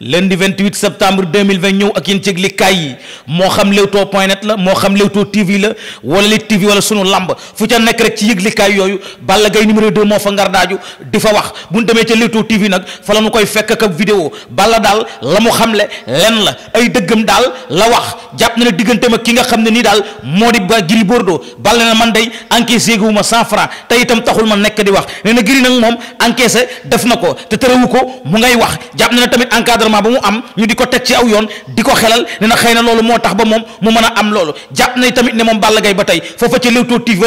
lundi 28 septembre 2020 ñëw ak yéen cëg li kaay yi moo xam Leewtoo point net la moo xam Leewtoo TV la wala Lutte TV wala sunu lamb fu ca nekk rek ci yëg kaay yooyu Balla Gaye numéro 2 moo fa ngar daaju di fa wax bu ñu demee ca Leewtoo TV nag fa la nu koy fekk ak vidéo Balla daal la mu xamle lenn la ay dëggam daal la wax jàpp na diggante ma ki nga xam ne nii daal moo di ba Gris Bordeaux Balla na man day encaissé gu ma 100 te itam taxul ma nekk di wax nee na Gris nag moom encaissé def na ko te tërewu ko mu ngay wax encadrement ba mu am ñu di ko teg ci aw yoon di ko xelal ne xëy na loolu moo tax ba moom mu mën a am loolu jàpp na tamit ne moom Balla Gaye ba tey foofa ca Leewtoo TV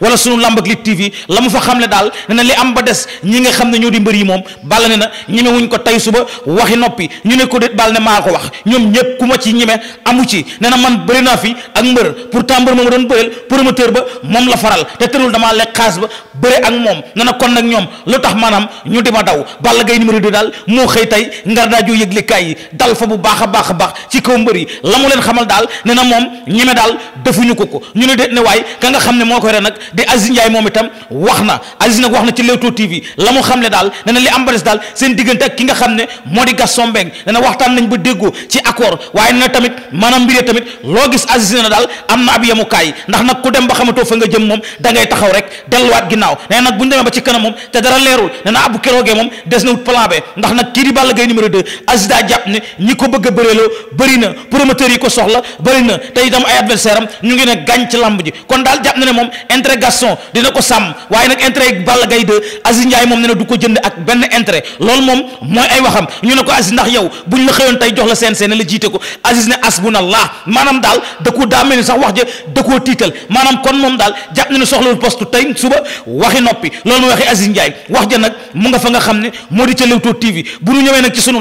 wala sunu lamb ak Lutte TV la mu fa xam ne daal ne na li am ba des ñi nga xam ne ñoo di mbër yi moom Balla ne na ñemewuñ ko tey suba waxi noppi ñu ne ko déet Balla ne maa ko wax ñoom ñëpp ku ma ci ñeme amu ci ne man bëri naa fi ak mbër pourtant mbër mooma doon bëreel promoteur ba moom la faral te tërul damaa lekk xaas ba bëre ak moom ne na kon nag ñoom lu tax maanaam ñu di ma daw Balla Gaye numéro 2 daal moo nar daa joo yëglikaay yi dal fa bu baax a baax a baax ci kaw mbër yi la mu leen xamal daal ne moom ñeme daal defuñu ko ko ñu ne déet ne waay ka nga xam ne moo koy re nag di Aziz Ndiaye moom itam wax na Aziz nag wax na ci Leewtoo TV la mu xam ne daal ne na li am ba des daal seen diggante ak ki nga xam ne moo di Gaston Mbengue ne na waxtaan nañ ba déggoo ci accord waaye ne na tamit maanaam mbiree tamit loo gis Aziz ne na daal am na ab yemukaay ndax nag ku dem ba xamatoo fa nga jëm moom da ngay taxaw rek delluwaat ginnaaw nee nag bu ñu demee ba ci kanam moom te dara leerul ne na abu keroogee moom des na wut plan B ndax nag kii di Balla tëdd Azida jàpp ne ñi ko bëgg a bëreeloo bëri na promoteurs yi ko soxla bëri na te itam ay adversaire am ñu ngi ne gàñ ci lamb ji kon daal jàpp na ne moom intérêt Gaston dina ko sàmm mooy ay waxam ñu ne ko Aziz ndax yow buñ la xëyoon tey jox la seen seen la jiite ko Aziz ne asbunallah maanaam daal da ko daa mel ni sax wax ja da koo tiital maanaam kon moom daal jàpp na ne soxlawul poste tey suba waxi noppi loolu mooy waxi Aziz Ndiaye wax ja nag mu nga fa nga xam ne moo di ca Leewtoo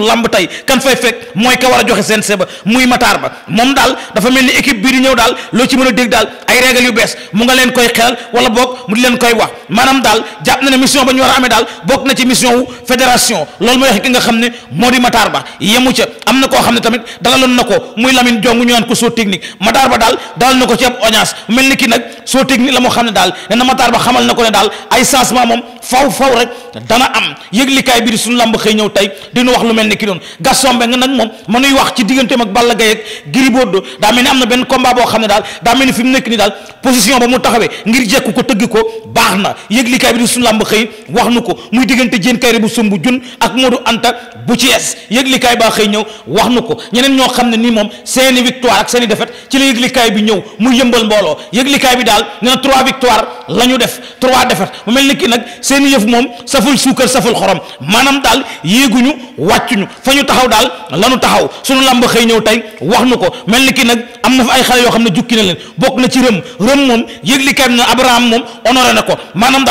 làmb tey kan fay fekk mooy ka a joxe CNG ba muy mataar ba moom daal dafa mel ni équipe bii di ñëw daal loo ci mën a dégg daal ay régal yu bees mu nga leen koy xelal wala boog mu di leen koy wax maanaam daal jàpp na ne mission ba ñu war a amee daal bokk na ci mission wu fédération loolu mooy wax ki nga xam ne moo di mataar ba yemu ca am na koo xam ne tamit dalaloon na ko muy Lamine Jong ñu naan ko soo technique mataar ba daal dalal na ko ci ab la moo ne daal nee na na ko faw faw rek dana am yëglikaay bi di suñu làmb xëy ñëw tey dinu wax lu mel ni ki doon Gaston Mbengue nag moom mënuy wax ci digganteem ak Balla Gaye ak Gris Bordeaux daa mel am na benn combat boo xam ne daal daa mel fi mu nekk ni daal position ba mu taxawee ngir jekku ko tëgg ko baax na yëglikaay bi di suñu làmb xëy wax nu ko muy diggante Diène Kaïré bu sumbu jun ak Modou Anta bu ci es yëglikaay baa xëy ñëw wax nu ko ñeneen ñoo xam ne nii moom seeni victoire ak seeni défaite ci la yëglikaay bi ñëw mu yëmbal mbooloo yëglikaay bi daal nee na trois victoire la ñu def trois défaite mu mel ni nag seen yëf moom saful suukar saful xorom maanaam daal yéeguñu wàccuñu fa ñu taxaw daal lanu taxaw sunu làmb xëy ñëw tey wax nu ko mel ni ki nag am na fa ay xale yoo xam ne jukki na leen bokk na ci rëm rëm moom yëgli kay na abraham moom honoré na ko maanaam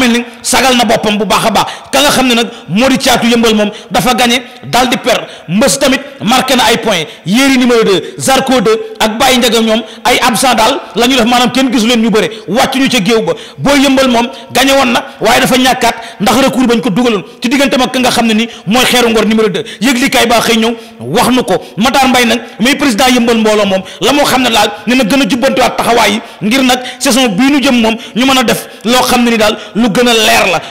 mel ni sagal na boppam bu baax a baax ka nga xam ne nag moo di caatu yëmbal moom dafa gagné daal di per mbës tamit marqué na ay points yéeri numéro 2 zarko 2 ak bàyyi njaga ñoom ay absent daal la def maanaam kenn gisu leen ñu bëre wàcc ñu ca géew ba boo yëmbal moom gagné na waaye dafa ñàkkaat ndax recours bañ ko dugaloon ci diggante mag ka nga xam ne ni mooy xeeru ngor numéro 2 yëglikaay baa xëy ñëw wax nu ko Matar Mbaye nag muy président la moo xam ne daal ne a jubbantiwaat a a la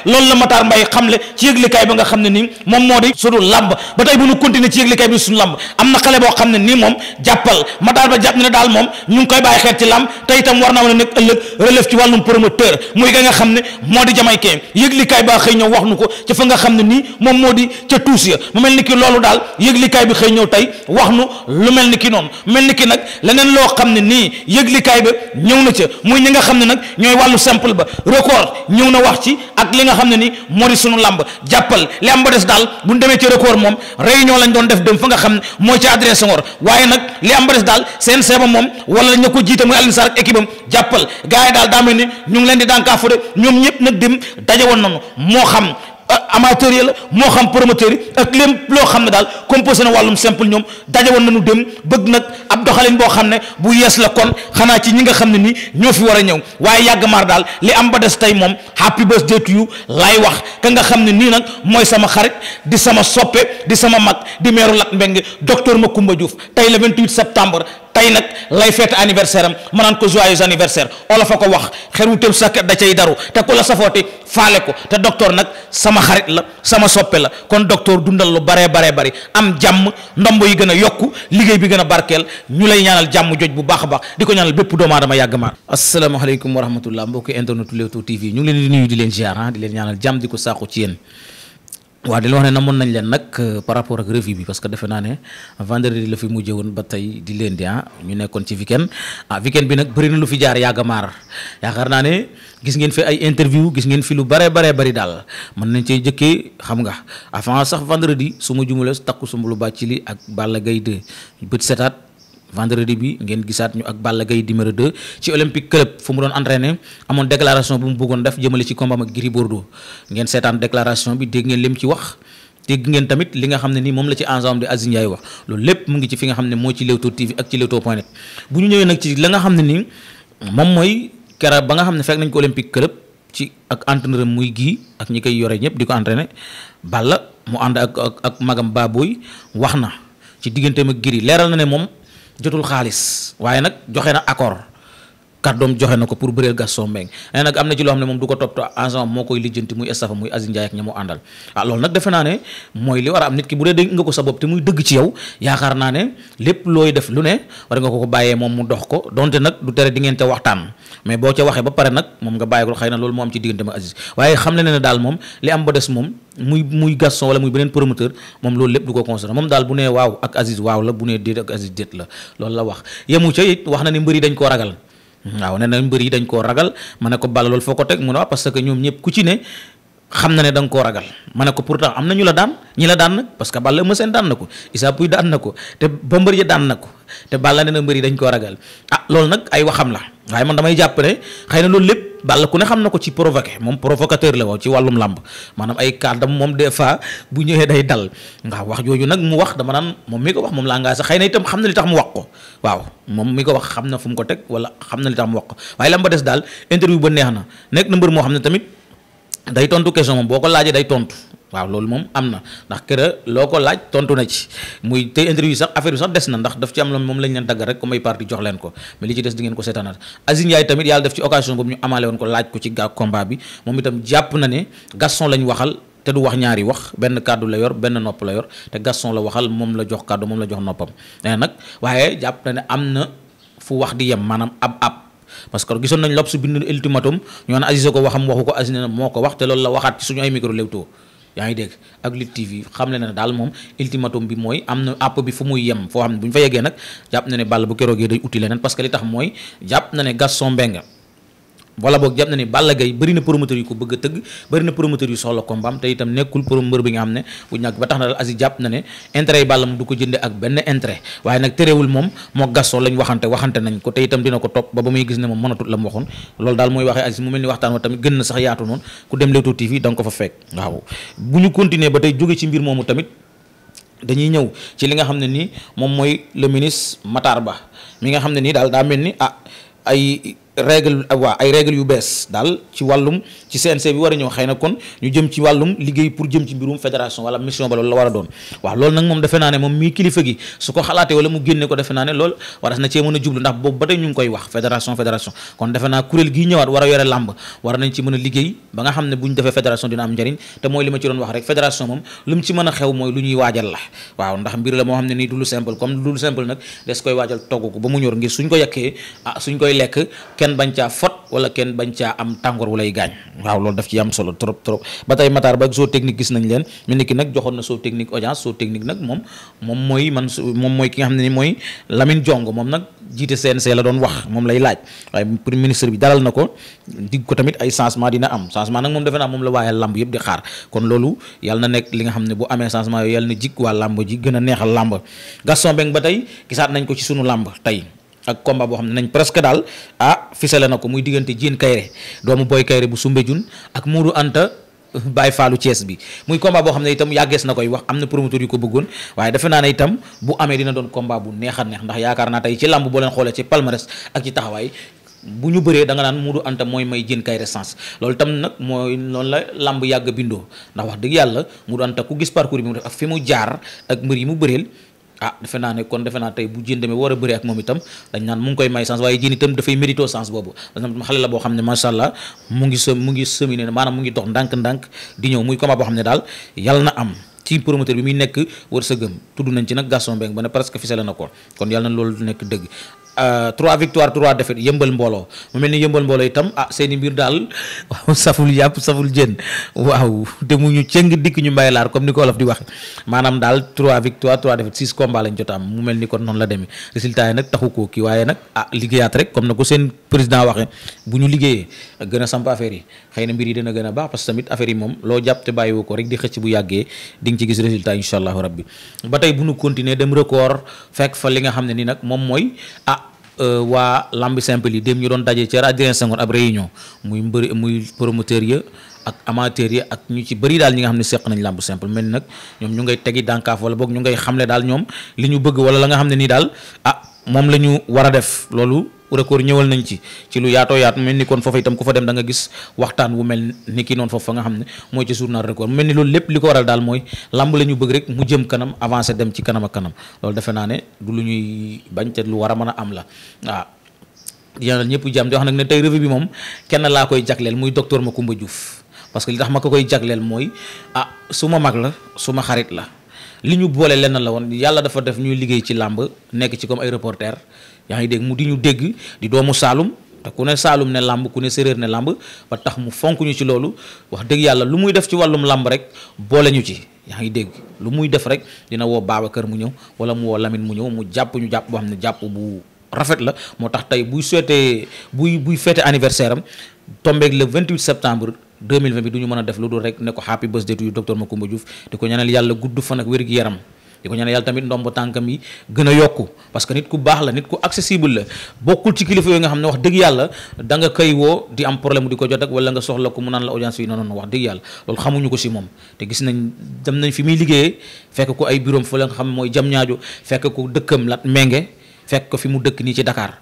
loolu la Matar Mbaye xamle ci yëglikaay ba nga xam ne nii moom moo di sunu làmb ba tey bu ñu continuer ci yëglikaay bi suñu làmb am na xale boo xam ne nii moom jàppal Matar ba jàpp ne daal moom ñu ngi koy bàyyi xeet ci làmb te itam war naa mën a nekk ëllëg relève ci wàllum promoteur muy ga nga xam ne moo du jamaïcain yëglikaay baa xëy ñëw wax nu ko ca fa nga xam ne nii moom moo di ca tuus ya mu mel ni kii loolu daal yëglikaay bi xëy ñëw tey wax nu lu mel ni ki noonu mel ni ki nag leneen loo xam ne nii yëglikaay ba ñëw na ca muy ñi nga xam ne nag ñooy wàllu simple ba record ñëw na wax ci ak li nga xam ne nii moo di sunu làmb jàppal li am ba des daal bu ñu demee ci record moom réunion lañ doon def dem fa nga xam ne mooy ci adresse Senghor waaye nag li am ba seen seeba moom wala ña ko jiite muy Alioune Sarr ak leen di dànkaafu de ñoom ñëpp nag dim daje woon nañu moo xam euh, amateur yi la moo xam promoteur yi ak léem loo xam ne daal composé na wàllum simple ñoom daje woon nañu dem bëgg nag ab doxalin boo xam ne bu yees la kon xanaa ci ñi nga xam ne nii ñoo fi war a ñëw waaye yàgg maar daal li am ba des tey moom happy birthday to you laay wax ka nga xam ne nii nag mooy sama xarit di sama soppe di sama mag di meeru Lat Mbengue ma Macoumba Diouf tey vint 28 septembre tey nag lay fête anniversaire am ma naan ko joyeux anniversaire olof a ko wax xeru tëb sa da cay daru te ku la safooti faale ko te docteur nag sama xarit la sama soppe la kon docteur dundal lu baree bare bari am jàmm ndombo yi gën a yokk liggéey bi gën a barkeel ñu lay ñaanal jàmm joj bu baax a baax di ko ñaanal bépp doomu aadama yàgg maar asalaamaaleykum wa rahmatullah mbokki internetu Leewtoo TV ñu ngi leen di nuyu di leen ziar di leen ñaanal jàmm ko saaku ci yéen waaw di la wax ne namoon nañ leen nag euh, par rapport ak revue bi parce que defe naa ne vendredi la fi mujjee woon ba tey di leen di ah ñu nekkoon ci weekend ah weekend bi nag bëri na lu fi jaar yàgg maar yaakaar naa ne gis ngeen fi ay interview gis ngeen fi lu bare bare bari daal mën nañ cee jëkkee xam nga avant sax vendredi su ma jumulee takku sumbalu bàcci lii ak Balla Gaye 2 bët setaat vendredi bi ngeen gisaat ñu ak Balla Gaye numéro 2 ci Olympique Club fu mu doon entraîné amoon déclaration bu mu bëggoon def jëmale ci combat ak Gris Bordeaux ngeen seetaan déclaration bi dégg ngeen lim ci wax dégg ngeen tamit li nga xam ne nii moom la ci ensemble de Aziz Ndiaye wax loolu lépp mu ngi ci xam ne moo ci Leewtoo TV ak ci Leewtoo point net bu ne nii moom mooy kera ba nga xam ne fekk nañ ko Olympique Club ci ak entraîneur muy gii ak ñi koy yore ñëpp di ko entraîné Balla mu ànd ak ak magam Baboy wax na ci digganteem ak Gris leeral na ne moom jotul xaalis waaye nag joxe na accord kàddoom joxe na ko pour bëreel Gaston Mbengue nee nag am na ci loo xam ne moom du ko topp agent moo ah, moom mu dox ko donte nag du tere di ngeen te waxtaan mais boo ca waxee ba pare nag nga ba des moom muy loolu moom daal bu nee waaw ak Aziz waaw la bu nee déet ak Aziz déet la loolu la wax yemu ca it wax na ni mbër yi dañ koo ragal waaw nee na mbër yi dañ koo ragal ma ne ko Balla lool foo ko teg mu ne waaw parce que ñoom ñëpp ku ci ne xam na ne da nga koo ragal ma ne ko pourtant am na ñu la daan ñi la daan nag parce que Balla Eumeu Sène daan na ko Issa Pouye daan na ko te Bombardier daan na ko te Balla nee na mbër yi dañ koo ragal ah loolu nag ay waxam la waaye man damay jàpp ne xëy na loolu lépp Balla ku ne xam na ko ci provoqué moom provocateur la woon ci wàllum làmb maanaam ay kàddam moom des fois bu ñëwee day dal nga wax jooju nag mu wax dama naan moom mi ko wax moom laa ngaa sax xëy na itam xam na li tax mu wax ko waaw moom mi ko wax xam na fu mu ko teg wala xam na li tax mu wax ko waaye la ba des daal interview ba neex na nekk na mbër moo xam ne tamit day tontu question moom boo ko laaj day tontu. waaw loolu moom am na ndax këra loo ko laaj tontu na ci muy te interview sax affaire bi sax des na ndax daf ci am la moom lañ leen dagg rek comme ay parti jox leen ko mais li ci des di ngeen ko seetaanaat Aziz Ndiaye tamit yàlla def ci occasion boobu ñu amaale woon ko laaj ko ci gaa combat bi moom itam jàpp na ne Gaston lañ waxal te du wax ñaari wax benn kàddu la yor benn nopp la yor te Gaston la waxal moom la jox kàddu moom la jox noppam nee nag waaye jàpp na ne am na fu wax di yem maanaam ab ab parce que gisoon nañ lopp su bind ultimatum ñoo ne Aziz ko waxam waxu ko Aziz ne moo ko wax loolu la waxaat ci suñu ay yaa ngi dégg ak Lutte TV xam le na daal moom ultimatum bi mooy am na àpp bi fu muy yem foo xam ne bu ñu fa yeggee nag jàpp na ne Balla bu keroogee day uti leneen parce que li tax mooy jàpp na ne Gaston Mbengue wala boog jàpp na ni Balla Gaye bëri na promoteur yu ko bëgg a tëgg bëri na promoteur yu soxla kombaam te itam nekkul promoteur bi nga xam ne ko jënde ak benn intérêt waaye nag terewul moom moo gasoo lañ waxante waxante nañ ba ba muy gis ne moom li nga xam ne nii moom mooy le ministre Ba mi nga xam ne nii daal daa mel ni ah ay règle waa ay règle yu bees daal ci wàllum ci CNC bi war a ñëw xëy na kon ñu jëm ci wàllum liggéey pour jëm ci mbirum fédération wala mission ba loolu la war a doon waaw loolu nag moom defe naa ne moom mii kilifa gi su ko xalaatee wala mu génne ko defe naa ne loolu waras a jublu ndax boobu ba tey ñu ngi koy wax fédération fédération kon defe naa kuréel gii war a yore làmb war nañ ci mën a liggéey ba nga xam ne bu ñu defee fédération dina am njariñ te mooy li ma ci doon wax rek fédération moom lu mu ci mën a xew mooy lu ñuy waajal la lu simple comme du lu simple ko ba kenn bañ caa fot wala kenn bañ caa am tàngoor wu lay gaañ waaw loolu daf ci am solo trop trop ba tey Matar ba soo technique gis nañ leen mu nekk nag joxoon na soo technique audience soo technique nag moom mooy man moom mooy ki nga xam ne ni mooy Lamine Diong moom nag jiite CNC la doon wax moom lay laaj waaye premier ministre bi dalal na ko digg ko tamit ay changement dina am changement nag moom defe naa moom la waaye lamb yëpp di xaar kon na nekk li nga xam ne bu amee changement yooyu yàlla na jik a ak combat boo xam ne nañ presque daal ah fisale na ko muy diggante Diène Kaïré doomu Boy Kaïré bu Soumbédioune ak Modou Anta Baye Fallou Thiès bi muy combat boo xam ne itam yàggees na koy wax am na promoteur yu ko bëggoon waaye defe naa ne itam bu amee dina doon combat bu neex a neex ndax yaakaar naa tey ci làmb boo leen xoolee ci palmarès ak ci taxawaay bu ñu bëree da nga naan Modou Anta mooy may Diène kayre sens loolu tam nag mooy noonu la làmb yàgg bindoo ndax wax dëgg yàlla Modou Anta ku gis parcours bi mu fi mu jaar ak mbër yi mu bëreel ah defe naa ne kon defe naa tey bu jén demee war a bëri ak moom itam dañ naan mu ngi koy may sens waaye jén itam dafay mérito sens boobu parce que xale la boo xam ne macha allah mu ngi së mu ngi seminer maanaam mu ngi dox ndànk-ndànk di ñëw muy combat boo xam ne daal yàlla na am ci promoteur bi muy nekk wërsëgam tudd nañ ci nag Gaston Mbengue ba ne presque fisale na ko kon yàlla na loolu nekk dëgg Euh, trois victoire trois défaite yëmbal mbooloo mu mel ni yëmbal mbooloo itam ah seeni mbir daal saful yàpp saful jën waaw te mu ñu cëng dikk ñu mbay laar comme ni ko olof di wax maanaam daal trois victoire trois défaite six combat lañ mu mel ni kon noonu la demee résultat yi nag taxu koo kii waaye nag ah liggéeyaat rek comme na ko seen président waxe bu ñu liggéeyee gën a samp affaire yi xëy na mbir yi dina gën a baax parce tamit affaire yi moom loo ba Euh, waa lambi simple yi dem ñu doon daje ca Adrien Senghor ab réunion muy mbëri muy promoteur ya ak amateur ya ak ñu ci bëri daal ñi nga xam ne seq nañ lamb simple mel nag ñoom ñu ngay tegi dànkaaf wala boog ñu ngay xamle daal ñoom li ñu bëgg wala la nga xam ne nii daal ah moom la ñu war a def loolu record ñëwal nañ ci ci lu yaatoo yaat mel ni kon foofa itam ku fa dem da nga gis waxtaan wu mel ni ki noonu foofu fa nga xam ne mooy ci journal record mel ni loolu lépp li ko waral daal mooy lamb la ñu bëgg rek mu jëm kanam avancé dem ci kanama kanam loolu defe naa ne lu ñuy bañ te lu war a mën a am la waaw yéen ñëpp jàmm di wax nag ne tey revue bi moom kenn laa koy jagleel muy ma kumba Diouf parce que li tax ma ko koy jagleel mooy ah su mag la su xarit la. li ñu boole lenn la woon yàlla dafa def ñuy liggéey ci làmb nekk ci comme ay reporter ngi dégg mu di ñu dégg di doomu Saalum te ku ne Saalum ne làmb ku ne séréer ne làmb ba tax mu fonk ñu ci loolu wax dëgg yàlla lu muy def ci wàllum làmb rek boole ñu ci yaa ngi dégg lu muy def rek dina woo baaba kër mu ñëw wala mu woo Lamine mu ñëw mu jàpp ñu jàpp boo xam ne jàpp bu rafet la moo tax tey buy souhaité buy buy fêté anniversaire am tombeeg le 28 septembre 2020 bi duñu ñu mën a def lu dul rek ne ko happy birthday to you docteur Macoumba Diouf di ko ñaanal yàlla gudd fan ak wér gi yaram di ko ñaanal yàlla tamit ndomb tànkam yi gën a yokk parce que nit ku baax la nit ko accessible la bokkul ci kilifa yooyu nga xam ne wax dëgg yàlla danga nga koy woo di am problème di ko jot ak wala nga soxla ko mu naan la audience yi noonu wax dëgg yàlla loolu xamuñu ko si moom te gis nañ dem nañ fi muy liggéeyee fekk ko ay bureau fa xam ne mooy jam ñaajo fekk ko dëkkam lat ménge fekk ko fi mu dëkk nii ci Dakar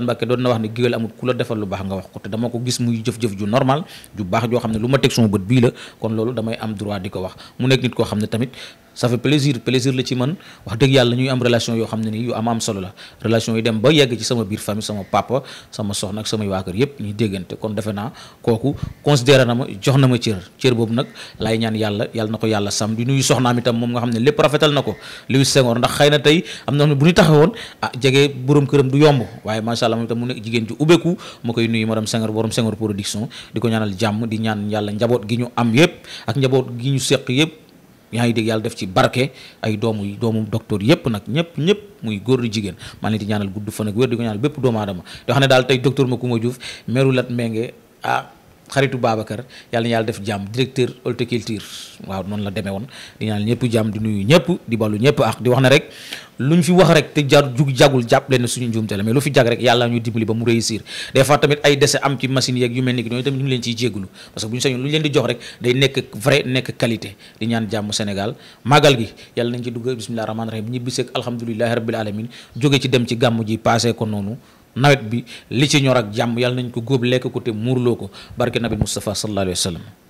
Abdoulaye Mbacke doon na wax ne géwél amul ku la defal lu baax nga wax ko te dama ko gis muy jëf-jëf ju normal ju baax joo xam ne lu ma teg suma bët bii la kon loolu damay am droit di ko wax mu nekk nit koo xam ne tamit ça fait plaisir plaisir la ci man wax dëgg yàlla ñuy am relation yoo xam ne nii yu am am solo la relation yi dem ba yegg ci sama biir famille sama papa sama soxna ak samay waa kër yëpp ñuy déggante kon defe naa kooku considéré na ma jox na ma cër cër boobu nag laay ñaan yàlla yàlla na ko yàlla sam di nuyu soxnaam itam moom nga xam ne lépp rafetal na ko Louis Senghor ndax xay na tey am na xam ne bu ñu taxawoon ah jege borom këram du yomb waaye macha allah moom mu nekk jigéen ju ubbeeku ma koy nuyu madame Senghor borom Senghor production di ko ñaanal jàmm di ñaan yàlla njaboot gi ñu am yëpp ak njaboot gi ñu seq yëpp yaa ngi dégg yàlla def ci barke ay doomu doomu docteur yëpp nag ñëpp ñëpp muy góor di jigéen maa leen di ñaanal gudd fan ak wér di ko ñaanal bépp doomu aadama yoo xam ne daal tey docteur Macoumba Diouf meru lat ménge ah xaritu Babacar yàlla na yàlla def jàmm directeur horticulture waaw noonu la demee woon di ñaan ñëpp jàmm di nuyu ñëpp di balu ñëpp ak di wax na rek lu ñu fi wax rek te jar jug jagul jàpp leen suñu njuumte la mais lu fi jag rek yàlla ñu dimbali ba mu réussir des fois tamit ay décès am ci machines yeeg yu mel ni ki ñooñu tamit ñu ngi leen ciy jégalu parce que bu ñu sañoon lu ñu leen di jox rek day nekk vrai nekk qualité di ñaan jàmm Sénégal màggal gi yàlla nañ ci dugg bismillahi rahmaani rahim ñibbiseeg alhamdulilahi rabbil alamin jóge ci dem ci gàmm ji passé ko noonu nawet bi li ci ñor ak jàmm yàlla nañ ko góob lekk ko te muurloo ko barke nabi Mustafa sallallahu alayhi wa sallam